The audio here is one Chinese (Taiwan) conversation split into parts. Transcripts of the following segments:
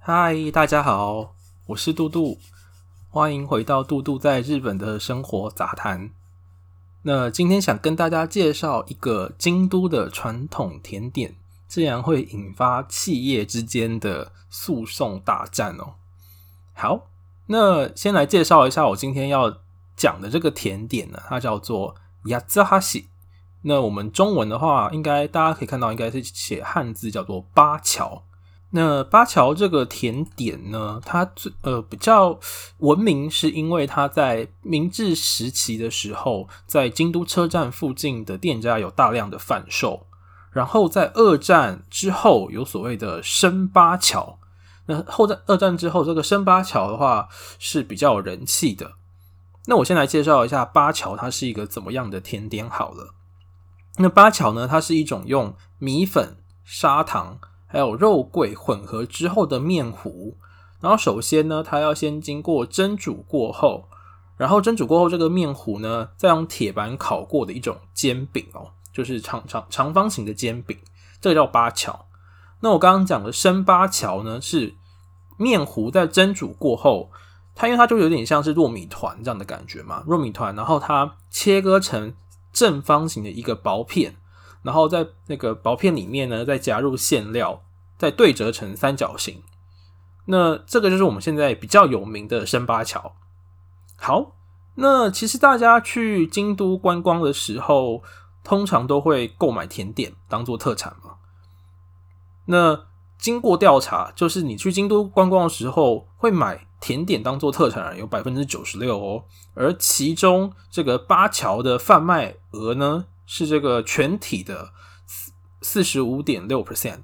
嗨，Hi, 大家好，我是杜杜，歡迎回到杜杜在日本的生活雜談。那今天想跟大家介紹一個京都的傳統甜點，竟然會引發企業之間的訴訟大戰哦。好，那先來介紹一下我今天要。講的這個甜點呢，它叫做やつはし。那我們中文的話應，應該大家可以看到，應該是寫漢字叫做八橋。那八橋這個甜點呢，它最呃比較聞名，是因為它在明治時期的時候，在京都車站附近的店家有大量的販售。然後在二戰之後，有所謂的生八橋。那後戰二戰之後，這個生八橋的話是比較有人氣的。那我先來介紹一下八橋，它是一個怎麼樣的甜點好了。那八橋呢，它是一種用米粉、砂糖還有肉桂混合之後的麵糊，然後首先呢，它要先經過蒸煮過後，然後蒸煮過後這個麵糊呢，再用鐵板烤過的一種煎餅哦，就是長長長方形的煎餅，這個叫八橋。那我剛剛講的生八橋呢，是麵糊在蒸煮過後。它因為它就有點像是糯米團這樣的感覺嘛，糯米團，然後它切割成正方形的一個薄片，然後在那個薄片裡面呢，再加入餡料，再對折成三角形。那這個就是我們現在比較有名的生八橋。好，那其實大家去京都觀光的時候，通常都會購買甜點當做特產嘛。那經過調查，就是你去京都觀光的時候會買。甜點當做特產有百分之九十六哦，而其中這個八橋的販賣額呢，是這個全體的四四十五點六 percent，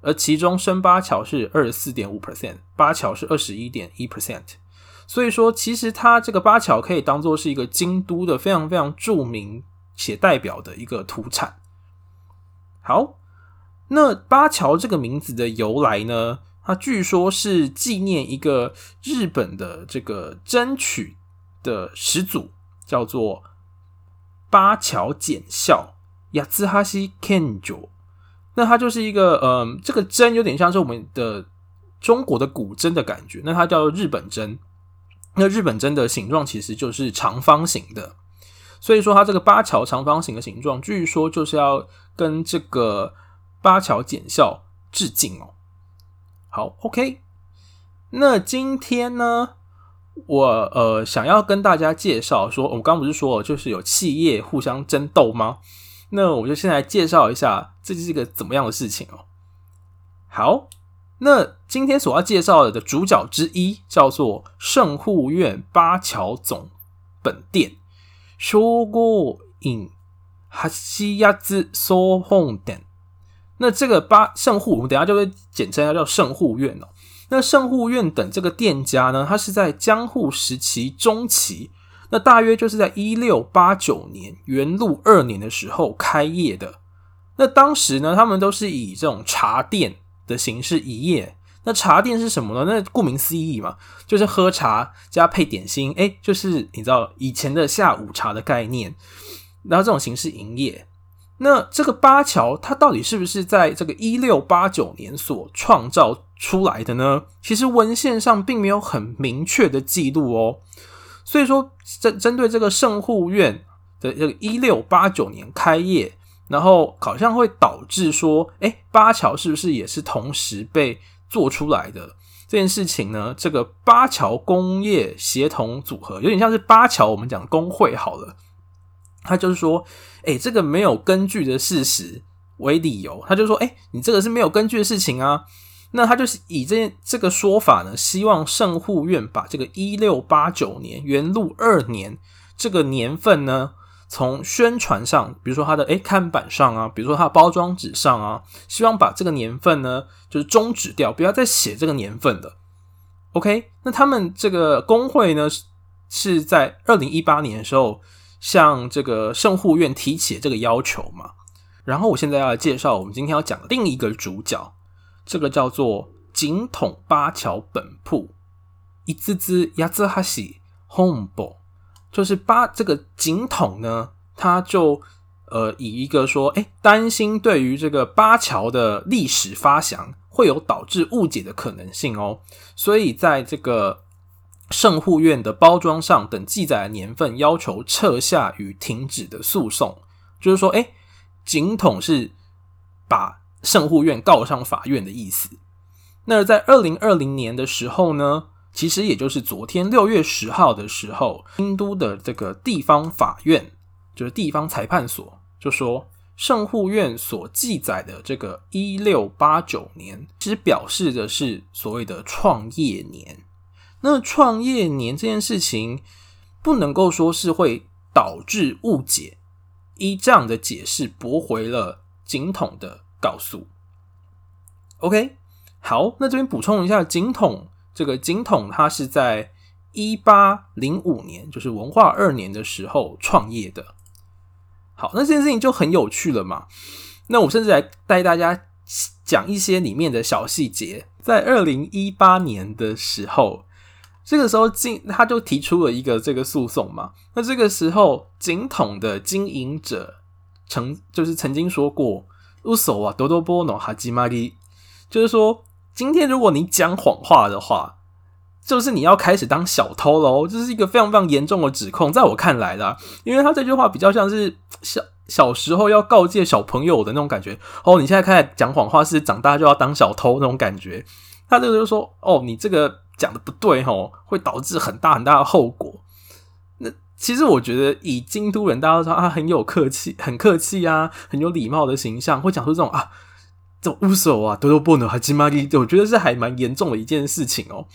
而其中生八橋是二十四點五 percent，八橋是二十一點一 percent。所以說，其實它這個八橋可以當做是一個京都的非常非常著名且代表的一個土產。好，那八橋這個名字的由來呢？它據說是紀念一個日本的這個箏曲的始祖，叫做八橋檢校，亞茲哈西 Kenjo。那它就是一個，嗯，這個箏有點像是我們的中國的古箏的感覺。那它叫做日本箏。那日本箏的形狀其實就是長方形的，所以說它這個八橋長方形的形狀，據說就是要跟這個八橋檢校致敬哦。好，OK。那今天呢，我呃想要跟大家介紹說，我剛不是說了，就是有企業互相爭鬥嗎？那我就先來介紹一下，這是一個怎麼樣的事情哦。好，那今天所要介紹的的主角之一叫做聖護院八橋總本店，修過哈西亞茲，總本店。那這個八聖護，我們等一下就會簡稱它叫聖護院哦。那聖護院等這個店家呢，它是在江戶時期中期，那大約就是在一六八九年元祿二年的時候開業的。那當時呢，他們都是以這種茶店的形式營業。那茶店是什麼呢？那顧名思義嘛，就是喝茶加配點心，欸，誒就是你知道以前的下午茶的概念，然後這種形式營業。那這個八橋它到底是不是在這個一六八九年所創造出來的呢？其實文獻上並沒有很明確的記錄哦。所以說針針對這個聖護院的這個一六八九年開業，然後好像會導致說，哎、欸，八橋是不是也是同時被做出來的這件事情呢？這個八橋工業協同組合有點像是八橋，我們講工會好了。他就是說，哎、欸，這個沒有根據的事實為理由，他就是說，哎、欸，你這個是沒有根據的事情啊。那他就是以這這個說法呢，希望聖護院把這個一六八九年元祿二年這個年份呢，從宣傳上，比如說他的誒、欸、看板上啊，比如說他的包裝紙上啊，希望把這個年份呢，就是終止掉，不要再寫這個年份的。OK，那他們這個工會呢，是是在二零一八年的時候。向這個聖護院提起的這個要求嘛。然後我現在要介紹我們今天要講另一個主角，這個叫做警統八橋本鋪。一字之亞字哈 b 紅博，就是八這個警統呢，他就呃以一個說，哎，擔心對於這個八橋的歷史發祥會有導致誤解的可能性哦，所以在這個。聖護院的包裝上等記載的年份，要求撤下與停止的訴訟，就是說，哎、欸，井筒是把聖護院告上法院的意思。那在二零二零年的時候呢，其實也就是昨天六月十號的時候，京都的這個地方法院，就是地方裁判所，就說聖護院所記載的這個一六八九年，其實表示的是所謂的創業年。那創業年這件事情不能夠說是會導致誤解，依這樣的解釋駁回了井筒的告訴。OK，好，那這邊補充一下，井筒這個井筒它是在一八零五年，就是文化二年的時候創業的。好，那這件事情就很有趣了嘛。那我甚至來帶大家講一些裡面的小細節，在二零一八年的時候。這個時候，進，他就提出了一個這個訴訟嘛。那這個時候，警統的經營者曾就是曾經說過：“uso wa dorobou no hajimari”，就是說，今天如果你講謊話的話，就是你要開始當小偷嘍，這、就是一個非常非常嚴重的指控，在我看來啦、啊，因為他這句話比較像是小小時候要告誡小朋友的那種感覺哦，你現在開始講謊話，是長大就要當小偷那種感覺。他這個就說：“哦，你這個。”講的不對吼，會導致很大很大的後果。那其實我覺得以京都人，大家說啊，很有客氣，很客氣啊，很有禮貌的形象，會講出這種啊，這無烏索啊，多多不能還急忙，我覺得是還蠻嚴重的一件事情哦、喔。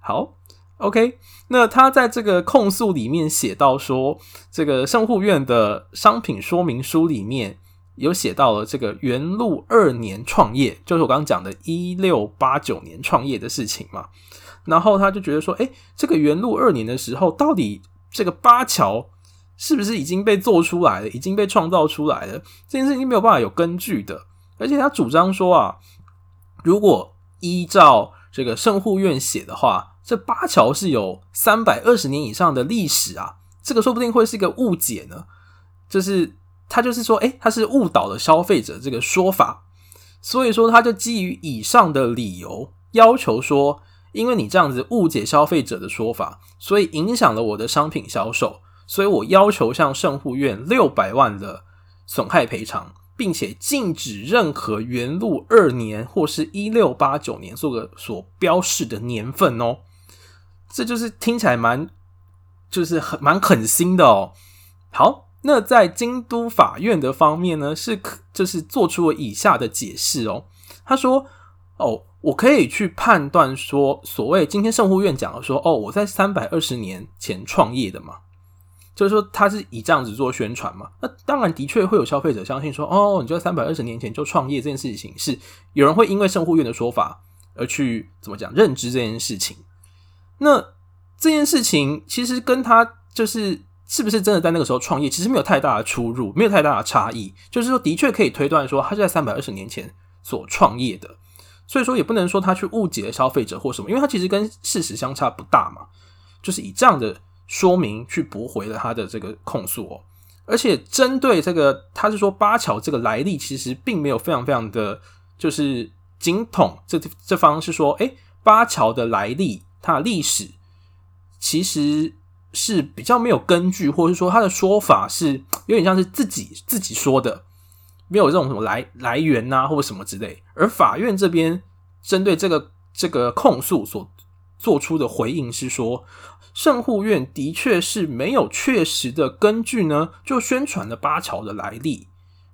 好，OK，那他在這個控訴裡面寫到說，這個聖護院的商品說明書裡面有寫到了這個元祿二年創業，就是我剛剛講的，一六八九年創業的事情嘛。然後他就覺得說，哎，這個元祿二年的時候，到底這個八橋是不是已經被做出來了，已經被創造出來了？這件事情沒有辦法有根據的。而且他主張說啊，如果依照這個聖護院寫的話，這八橋是有三百二十年以上的歷史啊。這個說不定會是一個誤解呢。就是他就是說，哎，他是誤導了消費者這個說法。所以說，他就基於以上的理由，要求說。因為你這樣子誤解消費者的說法，所以影響了我的商品銷售，所以我要求向聖護院六百萬的損害賠償，並且禁止任何元祿二年或是一六八九年做個所標示的年份哦。這就是聽起來蠻，就是很蠻狠心的哦。好，那在京都法院的方面呢，是就是做出了以下的解釋哦。他說，哦。我可以去判斷說，所謂今天聖護院講的說，哦，我在三百二十年前創業的嘛，就是說他是以這樣子做宣傳嘛。那當然的確會有消費者相信說，哦，你就在三百二十年前就創業這件事情，是有人會因為聖護院的說法而去怎麼講認知這件事情。那這件事情其實跟他就是是不是真的在那個時候創業，其實沒有太大的出入，沒有太大的差異。就是說，的確可以推斷說，他是在三百二十年前所創業的。所以說也不能說他去誤解了消費者或什麼，因為他其實跟事實相差不大嘛，就是以這樣的說明去駁回了他的這個控訴。哦，而且針對這個，他是說八橋這個來歷其實並沒有非常非常的，就是警統這這方是說，哎、欸，八橋的來歷，它的歷史其實是比較沒有根據，或者是說他的說法是有點像是自己自己說的。沒有這種什麼來來源吶、啊，或者什麼之類。而法院這邊針對這個這個控訴所做出的回應是說，聖護院的確是沒有確實的根據呢，就宣傳了八橋的來歷。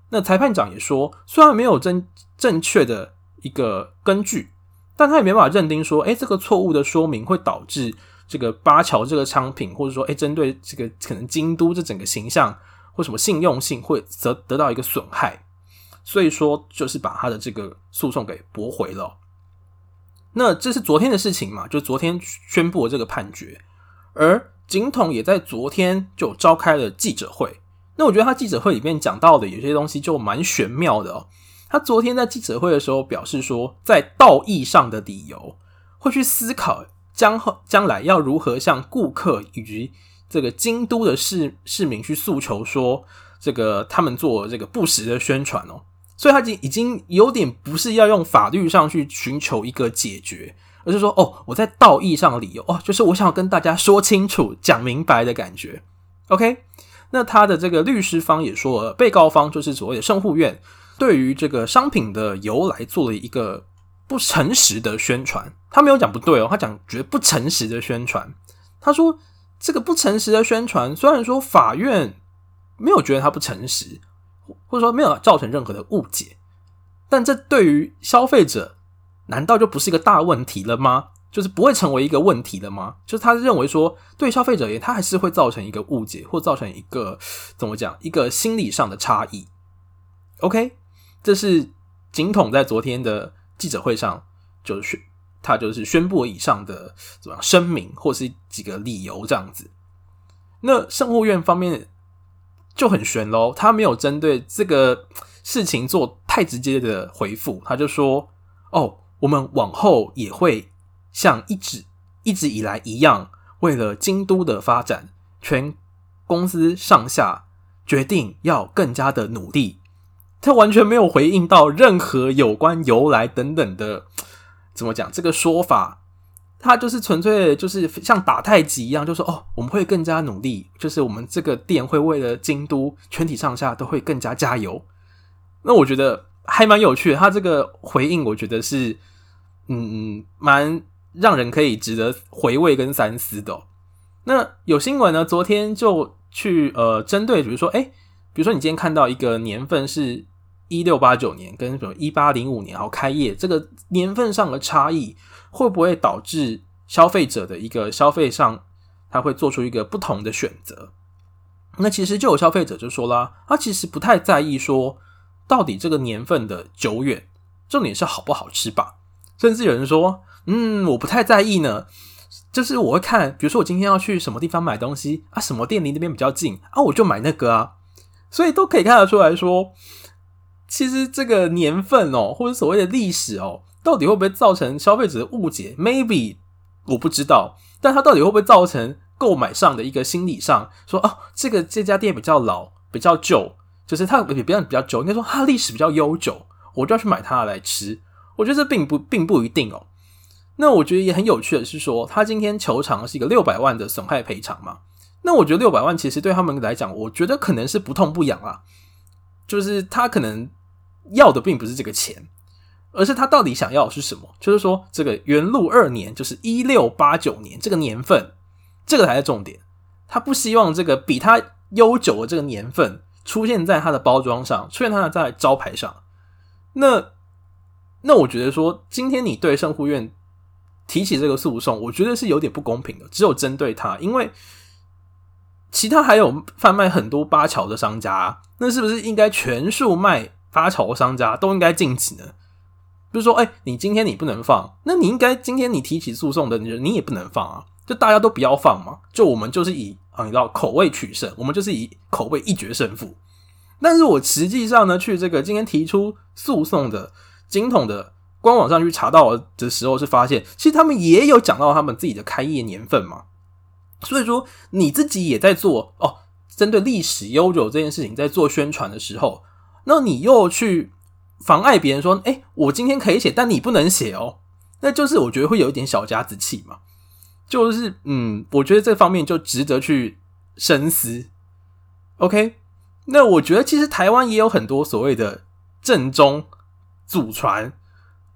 那裁判長也說，雖然沒有正正確的一個根據，但他也沒辦法認定說，哎，這個錯誤的說明會導致這個八橋這個商品，或者說，哎，針對這個可能京都這整個形象或什麼信用性會得得到一個損害。所以說，就是把他的這個訴訟給駁回了喔。那這是昨天的事情嘛？就昨天宣布了這個判決，而井筒也在昨天就召開了記者會。那我覺得他記者會裡面講到的有些東西就蠻玄妙的哦。他昨天在記者會的時候表示說，在道義上的理由會去思考，將後將來要如何向顧客以及這個京都的市市民去訴求，說這個他們做這個不實的宣傳哦。所以他已經已經有點不是要用法律上去尋求一個解決，而是說哦，我在道義上理由哦，就是我想要跟大家說清楚、講明白的感覺。OK，那他的這個律師方也說了，被告方就是所謂的聖護院，對於這個商品的由來做了一個不誠實的宣傳。他沒有講不對哦，他講覺得不誠實的宣傳。他說這個不誠實的宣傳，雖然說法院沒有覺得他不誠實。或者說沒有造成任何的誤解，但這對於消費者難道就不是一個大問題了嗎？就是不會成為一個問題了嗎？就是他認為說對消費者也他還是會造成一個誤解或造成一個怎麼講一個心理上的差異。OK，這是井筒在昨天的記者會上就是他就是宣布以上的怎麼樣聲明或是幾個理由這樣子。那聖護院方面。就很懸咯，他沒有針對這個事情做太直接的回復，他就說：“哦，我們往後也會像一直一直以來一樣，為了京都的發展，全公司上下決定要更加的努力。”他完全沒有回應到任何有關由來等等的，怎麼講，這個說法。他就是純粹就是像打太極一樣就，就說哦，我們會更加努力，就是我們這個店會為了京都全體上下都會更加加油。那我覺得還蠻有趣的，他這個回應我覺得是，嗯，蠻讓人可以值得回味跟三思的，哦。那有新聞呢，昨天就去呃針對，比如說哎，欸，比如說你今天看到一個年份是。一六八九年跟什麼一八零五年，然後開業這個年份上的差異，會不會導致消費者的一個消費上，他會做出一個不同的選擇？那其實就有消費者就說啦，他其實不太在意說到底這個年份的久遠，重點是好不好吃吧？甚至有人說，嗯，我不太在意呢，就是我會看，比如說我今天要去什麼地方買東西啊，什麼店離那邊比較近啊，我就買那個啊。所以都可以看得出來說。其實這個年份哦、喔，或者所謂的歷史哦、喔，到底會不會造成消費者的誤解？Maybe 我不知道，但它到底會不會造成購買上的一個心理上，說哦，這個這家店比較老、比較舊，就是它比比較比較久，應該說它歷史比較悠久，我就要去買它來吃。我覺得這並不並不一定哦、喔。那我覺得也很有趣的是說，他今天求償是一個六百萬的損害賠償嘛？那我覺得六百萬其實對他們來講，我覺得可能是不痛不癢啦，就是他可能。要的並不是這個錢，而是他到底想要的是什麼？就是說，這個元祿二年，就是一六八九年這個年份，這個才是重點。他不希望這個比他悠久的這個年份出現在他的包裝上，出現在他的招牌上。那那我覺得說，今天你對聖護院提起這個訴訟，我覺得是有點不公平的。只有針對他，因為其他還有販賣很多八橋的商家，那是不是應該全數賣？發愁，商家都應該禁止的。比如說，哎、欸，你今天你不能放，那你應該今天你提起訴訟的，你你也不能放啊，就大家都不要放嘛。就我們就是以啊，你知道，口味取勝，我們就是以口味一決勝負。但是我實際上呢，去這個今天提出訴訟的井筒的官網上去查到的時候，是發現其實他們也有講到他們自己的開業年份嘛。所以說，你自己也在做哦，針對歷史悠久這件事情，在做宣傳的時候。那你又去妨礙別人說，哎、欸，我今天可以寫，但你不能寫哦。那就是我覺得會有一點小家子氣嘛。就是嗯，我覺得這方面就值得去深思。OK，那我覺得其實台灣也有很多所謂的正宗、祖傳、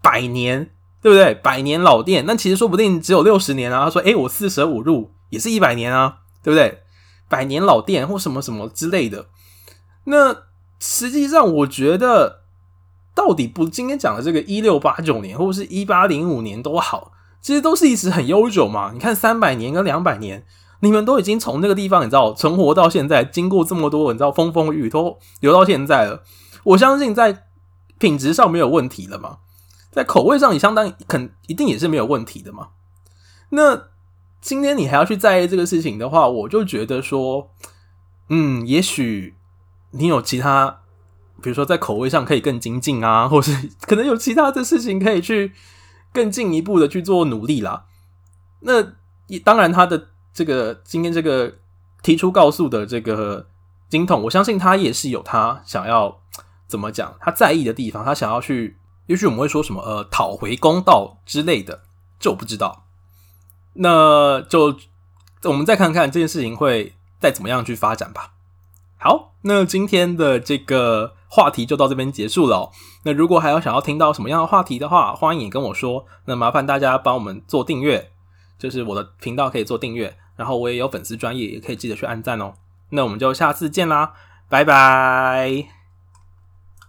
百年，對不對？百年老店，那其實說不定只有六十年啊。他說，哎、欸，我四捨五入也是一百年啊，對不對？百年老店或什麼什麼之類的，那。實際上，我覺得到底不，今天講的這個一六八九年或者是一八零五年都好，其實都是一直很悠久嘛。你看三百年跟兩百年，你們都已經從那個地方，你知道存活到現在，經過這麼多，你知道風風雨雨都留到現在了。我相信在品質上沒有問題了嘛，在口味上也相當肯一定也是沒有問題的嘛。那今天你還要去在意這個事情的話，我就覺得說，嗯，也許。你有其他，比如說在口味上可以更精進啊，或是可能有其他的事情可以去更進一步的去做努力啦。那也當然，他的這個今天這個提出告訴的這個井筒，我相信他也是有他想要怎麼講，他在意的地方，他想要去，也許我們會說什麼呃討回公道之類的，這我不知道。那就我們再看看這件事情會再怎麼樣去發展吧。好，那今天的這個話題就到這邊結束了哦。那如果還有想要聽到什麼樣的話題的話，歡迎也跟我說。那麻煩大家幫我們做訂閱，就是我的頻道可以做訂閱，然後我也有粉絲專頁，也可以記得去按讚哦。那我們就下次見啦，拜拜。